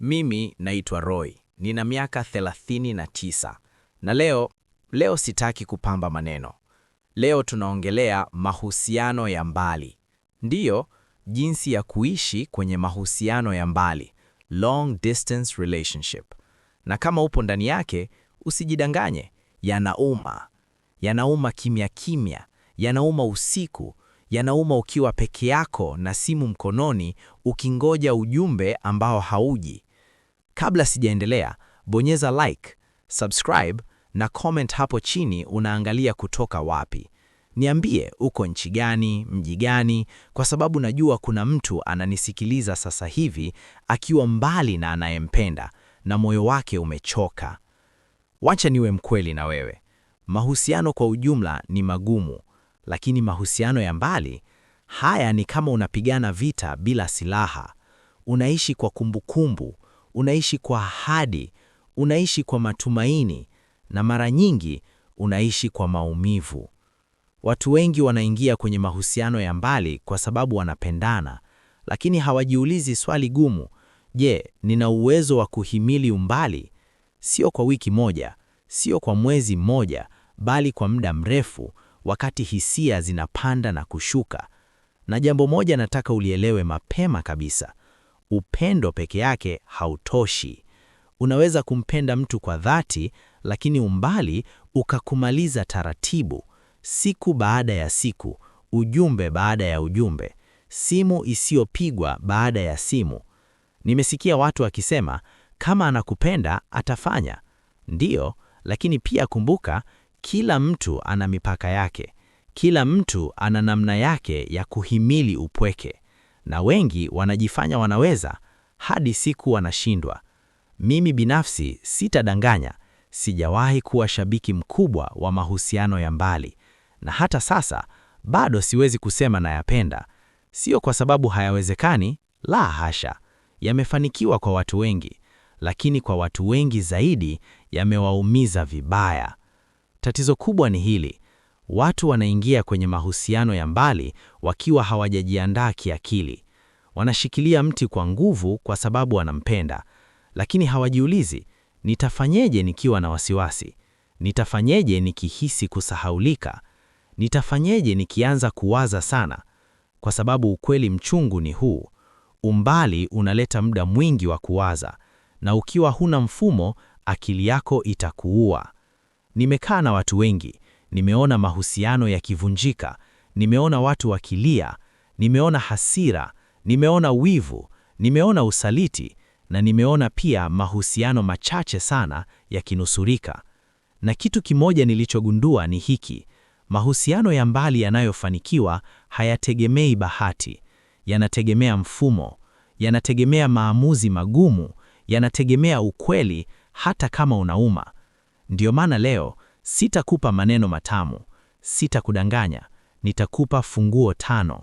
Mimi naitwa Roy, nina miaka 39 na leo, leo sitaki kupamba maneno. Leo tunaongelea mahusiano ya mbali, ndiyo jinsi ya kuishi kwenye mahusiano ya mbali, long distance relationship. Na kama upo ndani yake, usijidanganye, yanauma, yanauma kimya kimya, yanauma usiku yanauma ukiwa peke yako na simu mkononi, ukingoja ujumbe ambao hauji. Kabla sijaendelea, bonyeza like, subscribe na comment hapo chini unaangalia kutoka wapi. Niambie uko nchi gani, mji gani, kwa sababu najua kuna mtu ananisikiliza sasa hivi akiwa mbali na anayempenda na moyo wake umechoka. Wacha niwe mkweli na wewe. Mahusiano kwa ujumla ni magumu, lakini mahusiano ya mbali haya ni kama unapigana vita bila silaha. Unaishi kwa kumbukumbu kumbu, unaishi kwa ahadi, unaishi kwa matumaini, na mara nyingi unaishi kwa maumivu. Watu wengi wanaingia kwenye mahusiano ya mbali kwa sababu wanapendana, lakini hawajiulizi swali gumu: je, nina uwezo wa kuhimili umbali? Sio kwa wiki moja, sio kwa mwezi mmoja, bali kwa muda mrefu, wakati hisia zinapanda na kushuka. Na jambo moja nataka ulielewe mapema kabisa: upendo peke yake hautoshi. Unaweza kumpenda mtu kwa dhati, lakini umbali ukakumaliza taratibu, siku baada ya siku, ujumbe baada ya ujumbe, simu isiyopigwa baada ya simu. Nimesikia watu wakisema kama anakupenda atafanya. Ndiyo, lakini pia kumbuka, kila mtu ana mipaka yake, kila mtu ana namna yake ya kuhimili upweke na wengi wanajifanya wanaweza hadi siku wanashindwa. Mimi binafsi sitadanganya, sijawahi kuwa shabiki mkubwa wa mahusiano ya mbali, na hata sasa bado siwezi kusema nayapenda. Sio kwa sababu hayawezekani, la hasha, yamefanikiwa kwa watu wengi, lakini kwa watu wengi zaidi yamewaumiza vibaya. Tatizo kubwa ni hili: watu wanaingia kwenye mahusiano ya mbali wakiwa hawajajiandaa kiakili, Wanashikilia mti kwa nguvu kwa sababu wanampenda, lakini hawajiulizi, nitafanyeje nikiwa na wasiwasi? Nitafanyeje nikihisi kusahaulika? Nitafanyeje nikianza kuwaza sana? Kwa sababu ukweli mchungu ni huu: umbali unaleta muda mwingi wa kuwaza, na ukiwa huna mfumo, akili yako itakuua. Nimekaa na watu wengi, nimeona mahusiano yakivunjika, nimeona watu wakilia, nimeona hasira, Nimeona wivu, nimeona usaliti na nimeona pia mahusiano machache sana yakinusurika. Na kitu kimoja nilichogundua ni hiki: mahusiano ya mbali yanayofanikiwa hayategemei bahati, yanategemea mfumo, yanategemea maamuzi magumu, yanategemea ukweli, hata kama unauma. Ndiyo maana leo sitakupa maneno matamu, sitakudanganya, nitakupa funguo tano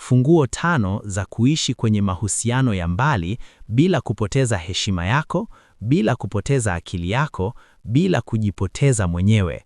Funguo tano za kuishi kwenye mahusiano ya mbali bila kupoteza heshima yako, bila kupoteza akili yako, bila kujipoteza mwenyewe.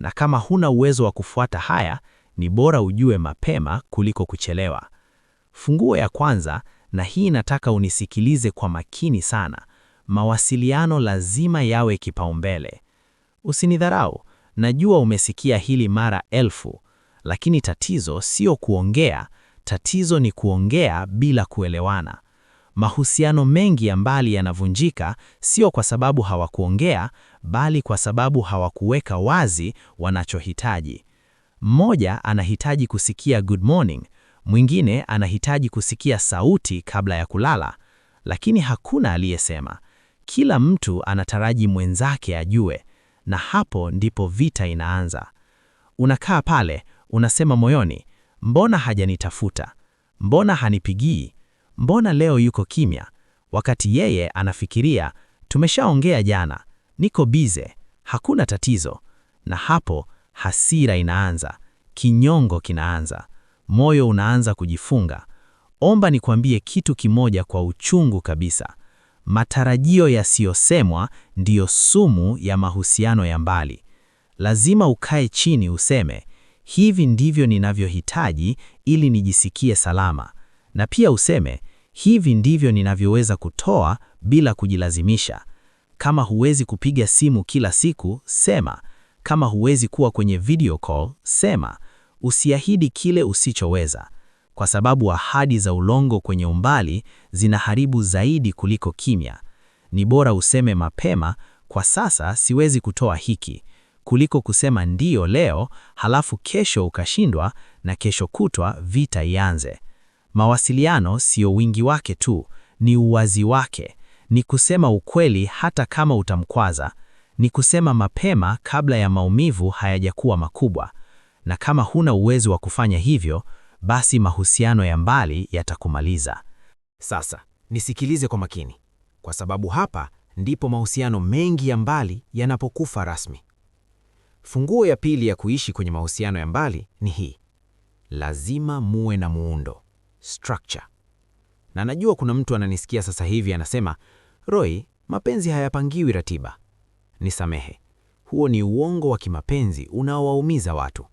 Na kama huna uwezo wa kufuata haya, ni bora ujue mapema kuliko kuchelewa. Funguo ya kwanza, na hii nataka unisikilize kwa makini sana. Mawasiliano lazima yawe kipaumbele. Usinidharau. Najua umesikia hili mara elfu, lakini tatizo sio kuongea Tatizo ni kuongea bila kuelewana. Mahusiano mengi ya mbali yanavunjika sio kwa sababu hawakuongea, bali kwa sababu hawakuweka wazi wanachohitaji. Mmoja anahitaji kusikia good morning, mwingine anahitaji kusikia sauti kabla ya kulala, lakini hakuna aliyesema. Kila mtu anataraji mwenzake ajue, na hapo ndipo vita inaanza. Unakaa pale, unasema moyoni, Mbona hajanitafuta? Mbona hanipigii? Mbona leo yuko kimya? Wakati yeye anafikiria, tumeshaongea jana, niko bize, hakuna tatizo. Na hapo hasira inaanza, kinyongo kinaanza, moyo unaanza kujifunga. Omba nikwambie kitu kimoja kwa uchungu kabisa. Matarajio yasiyosemwa ndiyo sumu ya mahusiano ya mbali. Lazima ukae chini useme hivi ndivyo ninavyohitaji ili nijisikie salama, na pia useme hivi ndivyo ninavyoweza kutoa bila kujilazimisha. Kama huwezi kupiga simu kila siku, sema. Kama huwezi kuwa kwenye video call, sema. Usiahidi kile usichoweza, kwa sababu ahadi za ulongo kwenye umbali zinaharibu zaidi kuliko kimya. Ni bora useme mapema, kwa sasa siwezi kutoa hiki kuliko kusema ndiyo leo, halafu kesho ukashindwa na kesho kutwa vita ianze. Mawasiliano siyo wingi wake tu, ni uwazi wake, ni kusema ukweli hata kama utamkwaza, ni kusema mapema kabla ya maumivu hayajakuwa makubwa. Na kama huna uwezo wa kufanya hivyo, basi mahusiano ya mbali yatakumaliza. Sasa nisikilize kwa makini, kwa sababu hapa ndipo mahusiano mengi ya mbali yanapokufa rasmi. Funguo ya pili ya kuishi kwenye mahusiano ya mbali ni hii: lazima muwe na muundo, structure. Na najua kuna mtu ananisikia sasa hivi anasema, Roy, mapenzi hayapangiwi ratiba. Nisamehe, huo ni uongo wa kimapenzi unaowaumiza watu.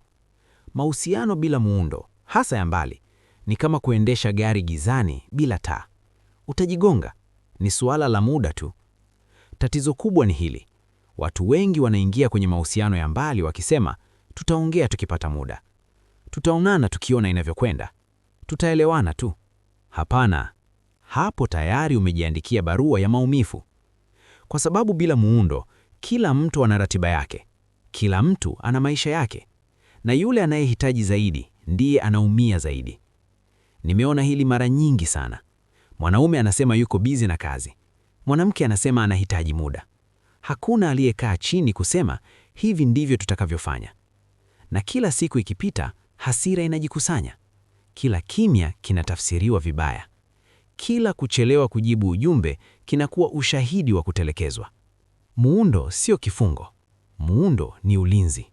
Mahusiano bila muundo, hasa ya mbali, ni kama kuendesha gari gizani bila taa. Utajigonga, ni suala la muda tu. Tatizo kubwa ni hili: Watu wengi wanaingia kwenye mahusiano ya mbali wakisema, tutaongea tukipata muda, tutaonana tukiona inavyokwenda, tutaelewana tu. Hapana, hapo tayari umejiandikia barua ya maumivu, kwa sababu bila muundo, kila mtu ana ratiba yake, kila mtu ana maisha yake, na yule anayehitaji zaidi ndiye anaumia zaidi. Nimeona hili mara nyingi sana. Mwanaume anasema yuko bizi na kazi, mwanamke anasema anahitaji muda. Hakuna aliyekaa chini kusema hivi ndivyo tutakavyofanya. Na kila siku ikipita, hasira inajikusanya. Kila kimya kinatafsiriwa vibaya. Kila kuchelewa kujibu ujumbe kinakuwa ushahidi wa kutelekezwa. Muundo sio kifungo. Muundo ni ulinzi.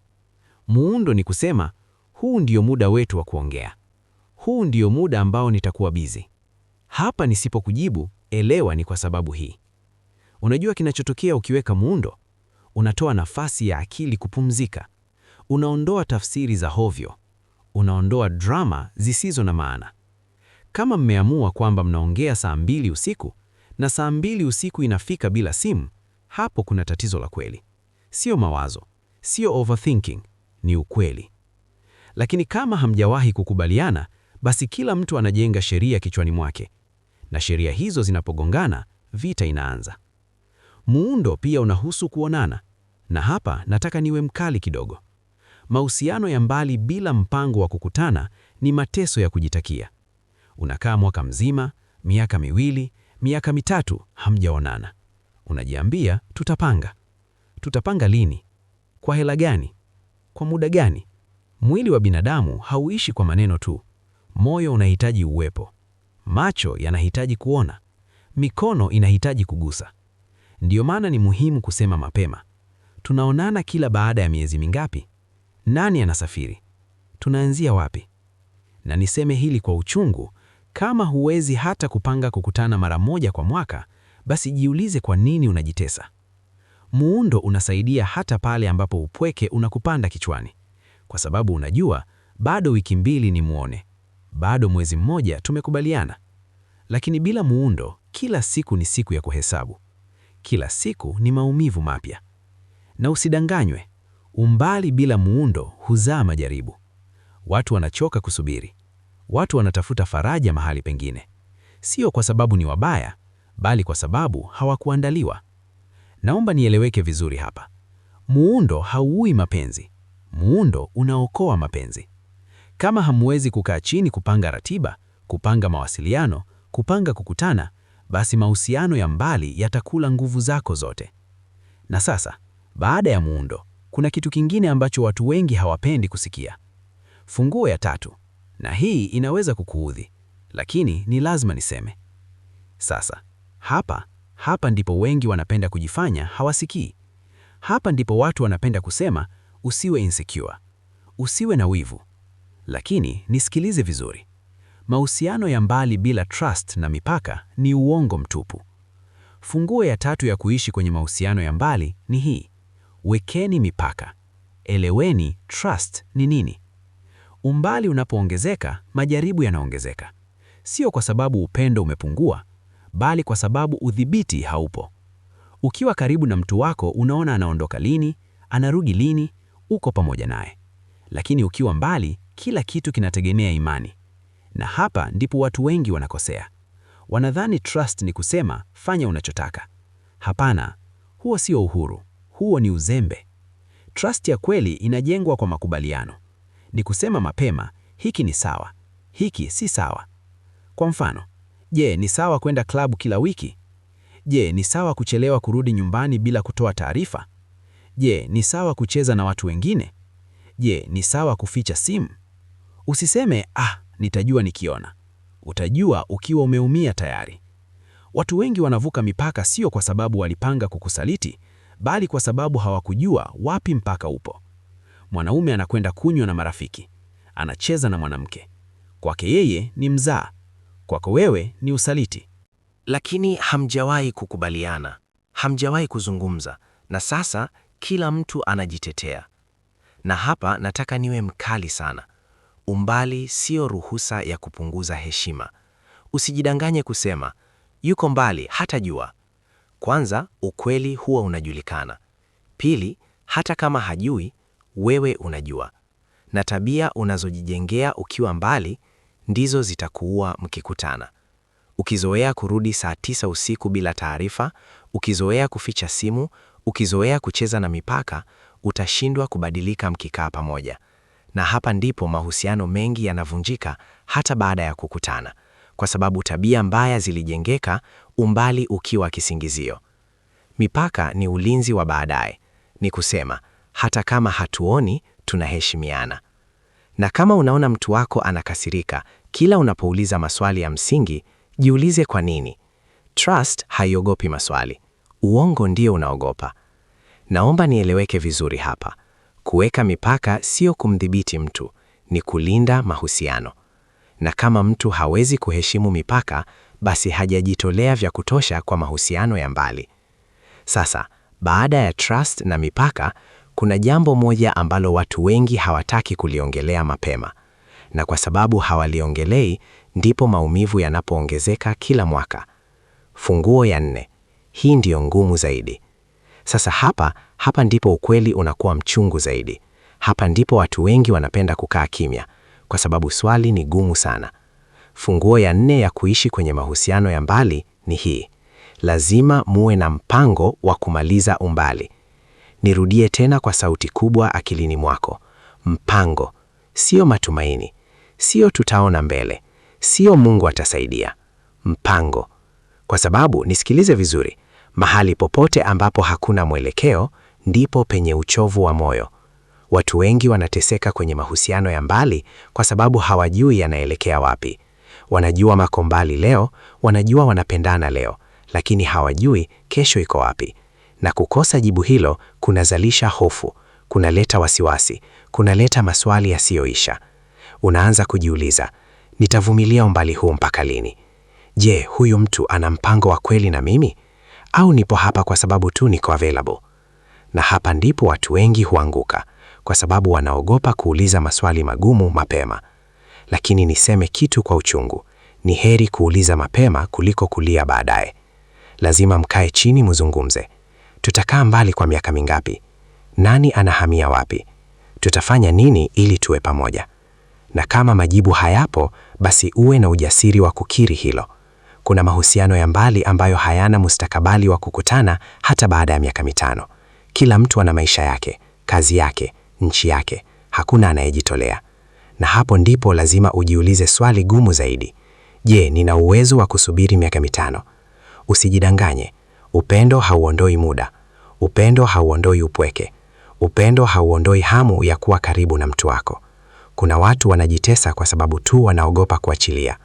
Muundo ni kusema huu ndio muda wetu wa kuongea. Huu ndio muda ambao nitakuwa bizi. Hapa nisipokujibu, elewa ni kwa sababu hii. Unajua kinachotokea ukiweka muundo? Unatoa nafasi ya akili kupumzika, unaondoa tafsiri za hovyo, unaondoa drama zisizo na maana. Kama mmeamua kwamba mnaongea saa mbili usiku na saa mbili usiku inafika bila simu, hapo kuna tatizo la kweli. Sio mawazo, sio overthinking, ni ukweli. Lakini kama hamjawahi kukubaliana, basi kila mtu anajenga sheria kichwani mwake, na sheria hizo zinapogongana, vita inaanza. Muundo pia unahusu kuonana, na hapa nataka niwe mkali kidogo. Mahusiano ya mbali bila mpango wa kukutana ni mateso ya kujitakia. Unakaa mwaka mzima, miaka miwili, miaka mitatu hamjaonana. Unajiambia tutapanga. Tutapanga lini? Kwa hela gani? Kwa muda gani? Mwili wa binadamu hauishi kwa maneno tu. Moyo unahitaji uwepo. Macho yanahitaji kuona. Mikono inahitaji kugusa. Ndiyo maana ni muhimu kusema mapema. Tunaonana kila baada ya miezi mingapi? Nani anasafiri? Tunaanzia wapi? Na niseme hili kwa uchungu, kama huwezi hata kupanga kukutana mara moja kwa mwaka, basi jiulize kwa nini unajitesa. Muundo unasaidia hata pale ambapo upweke unakupanda kichwani, kwa sababu unajua bado wiki mbili ni muone, bado mwezi mmoja tumekubaliana. Lakini bila muundo, kila siku ni siku ya kuhesabu. Kila siku ni maumivu mapya. Na usidanganywe, umbali bila muundo huzaa majaribu. Watu wanachoka kusubiri. Watu wanatafuta faraja mahali pengine, sio kwa sababu ni wabaya, bali kwa sababu hawakuandaliwa. Naomba nieleweke vizuri hapa. Muundo hauui mapenzi. Muundo unaokoa mapenzi. Kama hamwezi kukaa chini kupanga ratiba, kupanga mawasiliano, kupanga kukutana, basi mahusiano ya mbali yatakula nguvu zako zote. Na sasa, baada ya muundo, kuna kitu kingine ambacho watu wengi hawapendi kusikia, funguo ya tatu. Na hii inaweza kukuudhi, lakini ni lazima niseme. Sasa hapa hapa ndipo wengi wanapenda kujifanya hawasikii. Hapa ndipo watu wanapenda kusema usiwe insecure, usiwe na wivu. Lakini nisikilize vizuri, Mahusiano ya mbali bila trust na mipaka ni uongo mtupu. Funguo ya tatu ya kuishi kwenye mahusiano ya mbali ni hii: wekeni mipaka, eleweni trust ni nini. Umbali unapoongezeka, majaribu yanaongezeka, sio kwa sababu upendo umepungua, bali kwa sababu udhibiti haupo. Ukiwa karibu na mtu wako, unaona anaondoka lini, anarudi lini, uko pamoja naye. Lakini ukiwa mbali, kila kitu kinategemea imani. Na hapa ndipo watu wengi wanakosea. Wanadhani trust ni kusema fanya unachotaka. Hapana, huo sio uhuru, huo ni uzembe. Trust ya kweli inajengwa kwa makubaliano. Ni kusema mapema, hiki ni sawa, hiki si sawa. Kwa mfano, je, ni sawa kwenda klabu kila wiki? Je, ni sawa kuchelewa kurudi nyumbani bila kutoa taarifa? Je, ni sawa kucheza na watu wengine? Je, ni sawa kuficha simu? Usiseme ah, nitajua nikiona. Utajua ukiwa umeumia tayari. Watu wengi wanavuka mipaka sio kwa sababu walipanga kukusaliti, bali kwa sababu hawakujua wapi mpaka upo. Mwanaume anakwenda kunywa na marafiki, anacheza na mwanamke. Kwake yeye ni mzaa, kwako wewe ni usaliti. Lakini hamjawahi kukubaliana, hamjawahi kuzungumza, na sasa kila mtu anajitetea. Na hapa nataka niwe mkali sana umbali sio ruhusa ya kupunguza heshima. Usijidanganye kusema yuko mbali hata jua. Kwanza, ukweli huwa unajulikana. Pili, hata kama hajui, wewe unajua, na tabia unazojijengea ukiwa mbali ndizo zitakuua mkikutana. Ukizoea kurudi saa tisa usiku bila taarifa, ukizoea kuficha simu, ukizoea kucheza na mipaka, utashindwa kubadilika mkikaa pamoja. Na hapa ndipo mahusiano mengi yanavunjika hata baada ya kukutana, kwa sababu tabia mbaya zilijengeka, umbali ukiwa kisingizio. Mipaka ni ulinzi wa baadaye, ni kusema hata kama hatuoni, tunaheshimiana. Na kama unaona mtu wako anakasirika kila unapouliza maswali ya msingi, jiulize kwa nini. Trust haiogopi maswali, uongo ndio unaogopa. Naomba nieleweke vizuri hapa. Kuweka mipaka sio kumdhibiti mtu, ni kulinda mahusiano. Na kama mtu hawezi kuheshimu mipaka, basi hajajitolea vya kutosha kwa mahusiano ya mbali. Sasa, baada ya trust na mipaka, kuna jambo moja ambalo watu wengi hawataki kuliongelea mapema. Na kwa sababu hawaliongelei, ndipo maumivu yanapoongezeka kila mwaka. Funguo ya nne. Hii ndiyo ngumu zaidi. Sasa hapa hapa ndipo ukweli unakuwa mchungu zaidi. Hapa ndipo watu wengi wanapenda kukaa kimya, kwa sababu swali ni gumu sana. Funguo ya nne ya kuishi kwenye mahusiano ya mbali ni hii: lazima muwe na mpango wa kumaliza umbali. Nirudie tena kwa sauti kubwa akilini mwako, mpango. Sio matumaini, sio tutaona mbele, sio Mungu atasaidia. Mpango. Kwa sababu nisikilize vizuri, Mahali popote ambapo hakuna mwelekeo ndipo penye uchovu wa moyo. Watu wengi wanateseka kwenye mahusiano ya mbali kwa sababu hawajui yanaelekea wapi. Wanajua mako mbali leo, wanajua wanapendana leo, lakini hawajui kesho iko wapi. Na kukosa jibu hilo kunazalisha hofu, kunaleta wasiwasi, kunaleta maswali yasiyoisha. Unaanza kujiuliza, nitavumilia umbali huu mpaka lini? Je, huyu mtu ana mpango wa kweli na mimi? au nipo hapa kwa sababu tu niko available. Na hapa ndipo watu wengi huanguka kwa sababu wanaogopa kuuliza maswali magumu mapema. Lakini niseme kitu kwa uchungu, ni heri kuuliza mapema kuliko kulia baadaye. Lazima mkae chini, muzungumze. Tutakaa mbali kwa miaka mingapi? Nani anahamia wapi? Tutafanya nini ili tuwe pamoja? Na kama majibu hayapo, basi uwe na ujasiri wa kukiri hilo. Kuna mahusiano ya mbali ambayo hayana mustakabali wa kukutana hata baada ya miaka mitano. Kila mtu ana maisha yake, kazi yake, nchi yake. Hakuna anayejitolea. Na hapo ndipo lazima ujiulize swali gumu zaidi. Je, nina uwezo wa kusubiri miaka mitano? Usijidanganye. Upendo hauondoi muda. Upendo hauondoi upweke. Upendo hauondoi hamu ya kuwa karibu na mtu wako. Kuna watu wanajitesa kwa sababu tu wanaogopa kuachilia.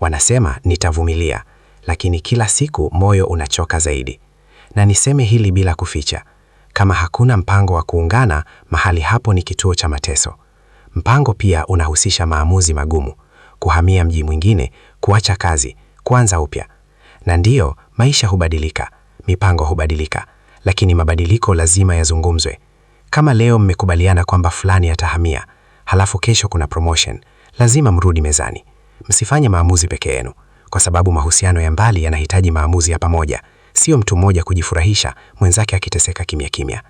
Wanasema nitavumilia, lakini kila siku moyo unachoka zaidi. Na niseme hili bila kuficha, kama hakuna mpango wa kuungana, mahali hapo ni kituo cha mateso. Mpango pia unahusisha maamuzi magumu, kuhamia mji mwingine, kuacha kazi, kuanza upya. Na ndiyo, maisha hubadilika, mipango hubadilika, lakini mabadiliko lazima yazungumzwe. Kama leo mmekubaliana kwamba fulani atahamia, halafu kesho kuna promotion, lazima mrudi mezani. Msifanye maamuzi peke yenu, kwa sababu mahusiano ya mbali yanahitaji maamuzi ya pamoja, sio mtu mmoja kujifurahisha mwenzake akiteseka kimya kimya.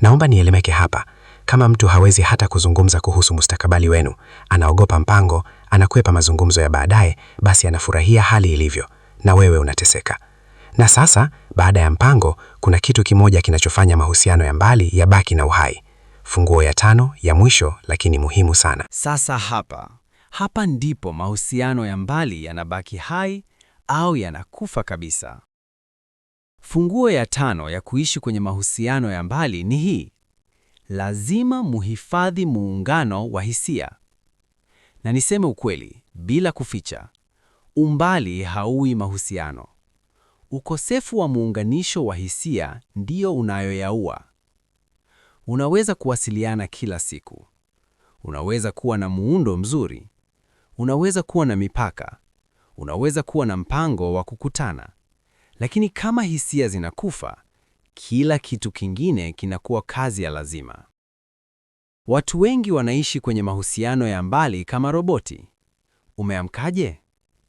Naomba nielemeke hapa. Kama mtu hawezi hata kuzungumza kuhusu mustakabali wenu, anaogopa mpango, anakwepa mazungumzo ya baadaye, basi anafurahia hali ilivyo, na wewe unateseka. Na sasa, baada ya mpango, kuna kitu kimoja kinachofanya mahusiano ya mbali yabaki na uhai. Funguo ya tano ya mwisho, lakini muhimu sana. Sasa hapa hapa ndipo mahusiano ya mbali yanabaki hai au yanakufa kabisa. Funguo ya tano ya kuishi kwenye mahusiano ya mbali ni hii: lazima muhifadhi muungano wa hisia. Na niseme ukweli bila kuficha, umbali haui mahusiano. Ukosefu wa muunganisho wa hisia ndiyo unayoyaua. Unaweza kuwasiliana kila siku, unaweza kuwa na muundo mzuri, unaweza kuwa na mipaka, unaweza kuwa na mpango wa kukutana, lakini kama hisia zinakufa, kila kitu kingine kinakuwa kazi ya lazima. Watu wengi wanaishi kwenye mahusiano ya mbali kama roboti. Umeamkaje?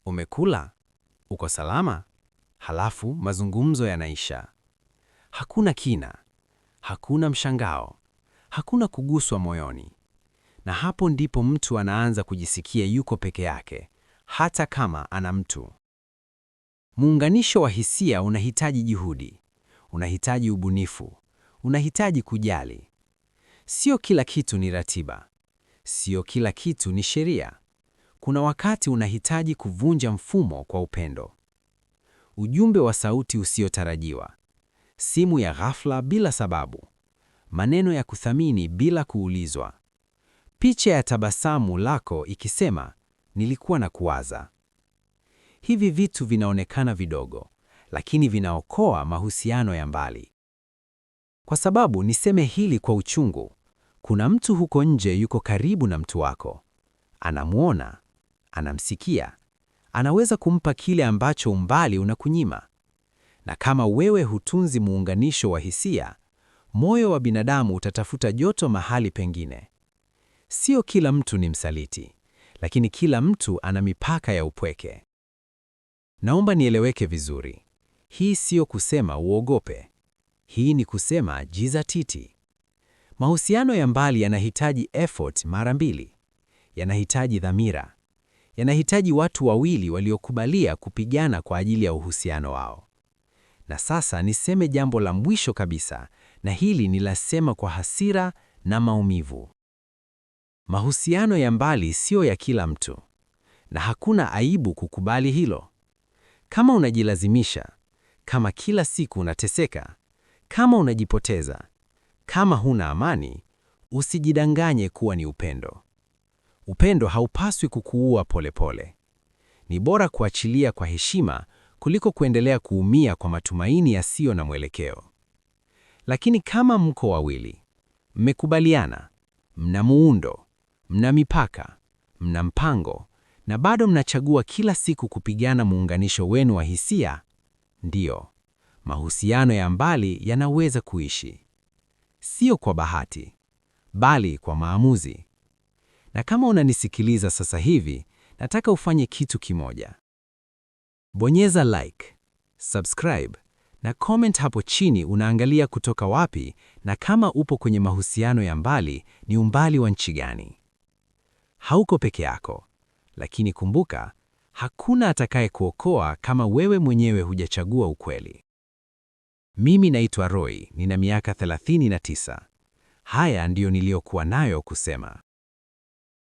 Umekula? Uko salama? Halafu mazungumzo yanaisha. Hakuna kina, hakuna mshangao, hakuna kuguswa moyoni na hapo ndipo mtu anaanza kujisikia yuko peke yake, hata kama ana mtu. Muunganisho wa hisia unahitaji juhudi, unahitaji ubunifu, unahitaji kujali. Sio kila kitu ni ratiba, sio kila kitu ni sheria. Kuna wakati unahitaji kuvunja mfumo kwa upendo. Ujumbe wa sauti usiotarajiwa, simu ya ghafla bila sababu, maneno ya kuthamini bila kuulizwa, picha ya tabasamu lako ikisema, nilikuwa na kuwaza. Hivi vitu vinaonekana vidogo, lakini vinaokoa mahusiano ya mbali. Kwa sababu niseme hili kwa uchungu, kuna mtu huko nje yuko karibu na mtu wako, anamwona, anamsikia, anaweza kumpa kile ambacho umbali unakunyima. Na kama wewe hutunzi muunganisho wa hisia, moyo wa binadamu utatafuta joto mahali pengine. Sio kila mtu ni msaliti, lakini kila mtu ana mipaka ya upweke. Naomba nieleweke vizuri. Hii siyo kusema uogope. Hii ni kusema jizatiti. Mahusiano ya mbali yanahitaji effort mara mbili. Yanahitaji dhamira. Yanahitaji watu wawili waliokubalia kupigana kwa ajili ya uhusiano wao. Na sasa niseme jambo la mwisho kabisa, na hili nilasema kwa hasira na maumivu. Mahusiano ya mbali siyo ya kila mtu, na hakuna aibu kukubali hilo. Kama unajilazimisha, kama kila siku unateseka, kama unajipoteza, kama huna amani, usijidanganye kuwa ni upendo. Upendo haupaswi kukuua polepole. Ni bora kuachilia kwa heshima kuliko kuendelea kuumia kwa matumaini yasiyo na mwelekeo. Lakini kama mko wawili, mmekubaliana, mna muundo, mna mipaka, mna mpango na bado mnachagua kila siku kupigana muunganisho wenu wa hisia, ndiyo mahusiano ya mbali yanaweza kuishi, sio kwa bahati, bali kwa maamuzi. Na kama unanisikiliza sasa hivi, nataka ufanye kitu kimoja. Bonyeza like, subscribe na comment hapo chini unaangalia kutoka wapi na kama upo kwenye mahusiano ya mbali ni umbali wa nchi gani? hauko peke yako, lakini kumbuka, hakuna atakaye kuokoa kama wewe mwenyewe hujachagua ukweli. Mimi naitwa Roy, nina miaka 39. Haya ndiyo niliyokuwa nayo kusema.